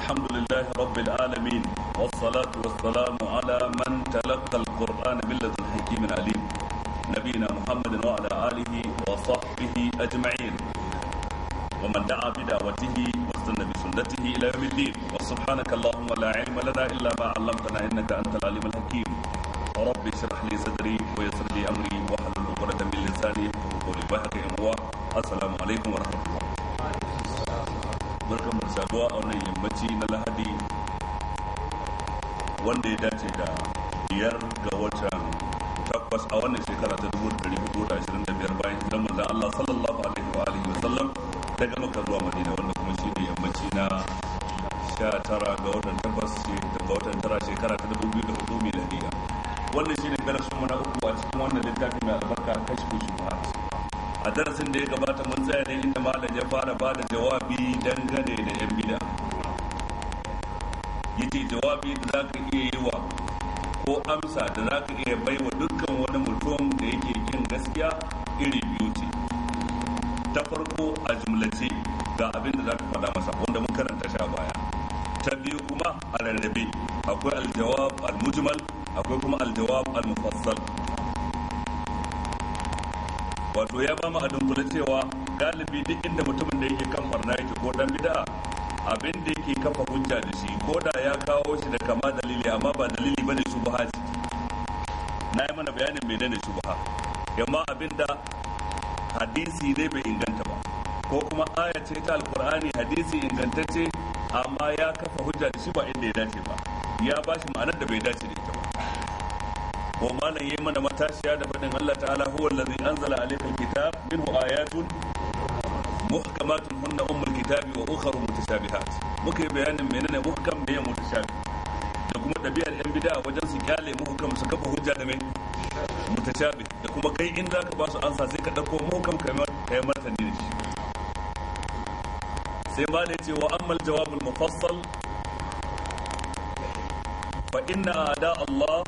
الحمد لله رب العالمين والصلاة والسلام على من تلقى القرآن من لدن حكيم عليم نبينا محمد وعلى آله وصحبه أجمعين ومن دعا بدعوته واستنى بسنته إلى يوم الدين وسبحانك اللهم لا علم لنا إلا ما علمتنا إنك أنت العليم الحكيم رب اشرح لي صدري ويسر لي أمري واحلل عقدة من لساني وقولي بحق السلام عليكم ورحمة الله barkan mu saduwa a wannan yammaci na lahadi wanda ya dace da biyar ga watan takwas a wannan shekara ta dubu dari hudu da ashirin da biyar bayan hijirar manzan Allah sallallahu alaihi wa alihi wa sallam daga Makka zuwa Madina wanda kuma shi ne yammaci na sha tara ga watan takwas ga watan tara shekara ta dubu biyu da hudu miladiya wannan shi ne darasin mu na uku a cikin wannan littafi mai albarka kashi kashfu shubuhat a darasin da ya gabata mun tsaya ne inda malam ya fara ba da jawabi dangane da yan bida yace jawabi da za ka iya yi wa ko amsa da za ka iya bai wa dukkan wani mutum da yake kin gaskiya iri biyu ce ta farko a jumlace ga abin da za ka faɗa masa wanda mun karanta sha baya ta biyu kuma a rarrabe akwai aljawab almujmal akwai kuma aljawab al almufassal wato ya ba mu a dunkule cewa galibi duk inda mutumin da yake kan barna yake ko dan bid'a abin da yake kafa hujja da shi ko da ya kawo shi da kama dalili amma ba dalili bane shubha ce na yi mana bayanin menene shubha amma abin da hadisi ne bai inganta ba ko kuma aya ta alkur'ani hadisi ingantacce amma ya kafa hujja da shi ba inda ya dace ba ya ba shi ma'anar da bai dace da ita wa malam yayi mana matashiya da fadin Allah ta'ala huwa allazi anzala alayka alkitab minhu ayatun muhkamatun hunna ummul kitabi wa ukhra mutashabihat muka yi bayanin menene muhkam da ya mutashabi da kuma dabi'ar yan bid'a wajen su kyale muhkam su kafa hujja da mai mutashabi da kuma kai in zaka ba su ansa sai ka dauko muhkam kai shi sai ma ce wa mufassal fa ada Allah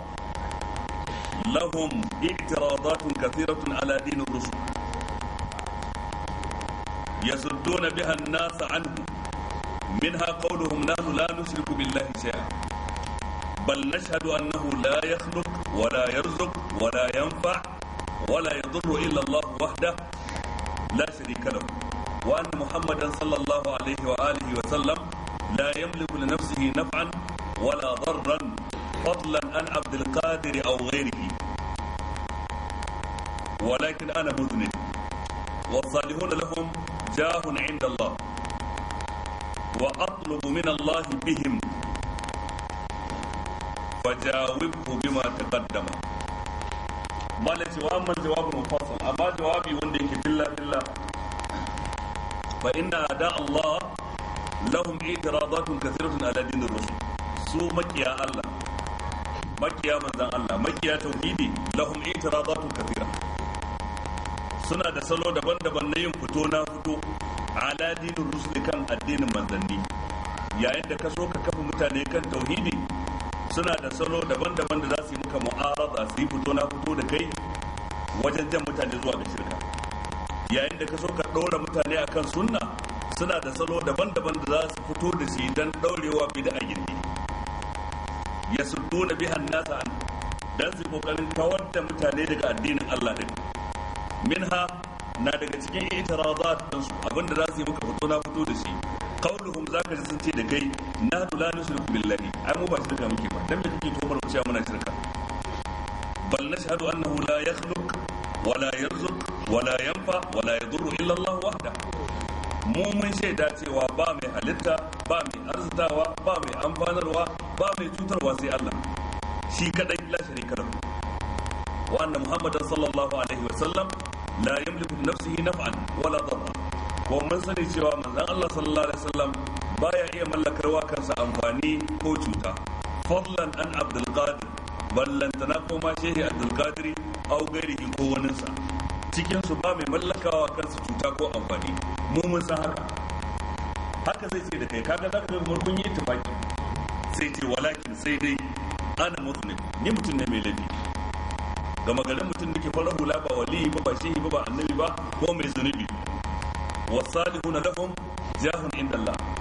لهم اعتراضات كثيرة على دين الرسل يسدون بها الناس عنه منها قولهم نحن لا نشرك بالله شيئا بل نشهد أنه لا يخلق ولا يرزق ولا ينفع ولا يضر إلا الله وحده لا شريك له وأن محمدا صلى الله عليه وآله وسلم لا يملك لنفسه نفعا ولا ضرا فضلا عن عبد القادر أو غيره walakin ana muzni والصالحون لهم جاه عند الله وأطلب من الله بهم فجاوبه بما تقدم ما لتي وأما الجواب المفصل أما جوابي وندك بالله بالله فإن أداء الله لهم اعتراضات كثيرة على دين الرسل su makiya Allah makiya manzan Allah makiya tauhidi lahum itirazatun kathira suna da salo daban-daban na yin fito na fito ala dinin rusuli kan addinin manzanni yayin da ka so ka kafa mutane kan tauhidi suna da salo daban-daban da za su yi muka mu'arada su yi fito na fito da kai wajen jan mutane zuwa ga shirka yayin da ka so ka ɗora mutane akan sunna suna da salo daban-daban da za su fito da shi don ɗaurewa a gindi ya tona bihan nasa an dan su kokarin kawar da mutane daga addinin Allah ɗin minha na daga cikin itiradat din su abinda za su yi muka fito na fito da shi qauluhum zaka ji sun ce da kai na la nushriku billahi ai mu ba shirka muke ba dan me kike tomar ku cewa muna shirka bal nashhadu annahu la yakhluq wa la yarzuq wa la yanfa wa la yadurru illa Allah wahda mu mun shaida cewa ba mai halitta ba mai arzitawa ba mai amfanarwa ba mai cutarwa sai Allah shi kadai la sharika lahu wa anna muhammadan sallallahu alaihi wa sallam la yamliku nafsihi naf'an wala dharra ko mun sani cewa manzon Allah sallallahu alaihi wasallam baya iya mallakar wa kansa amfani ko cuta fadlan an abdul qadir ballantana ko ma shehi abdul qadir au gairihi ko waninsa cikin su ba mai mallakawa kansa cuta ko amfani mu mun san haka haka zai ce da kai kaga zaka ga murkun yi tufaki sai ce walakin sai dai ana mutune ni mutum ne mai laifi gama garin mutum da ke farar hula ba wali ba ba ba ba annabi ba ko mai zunubi wasalihuna lahum jahun inda Allah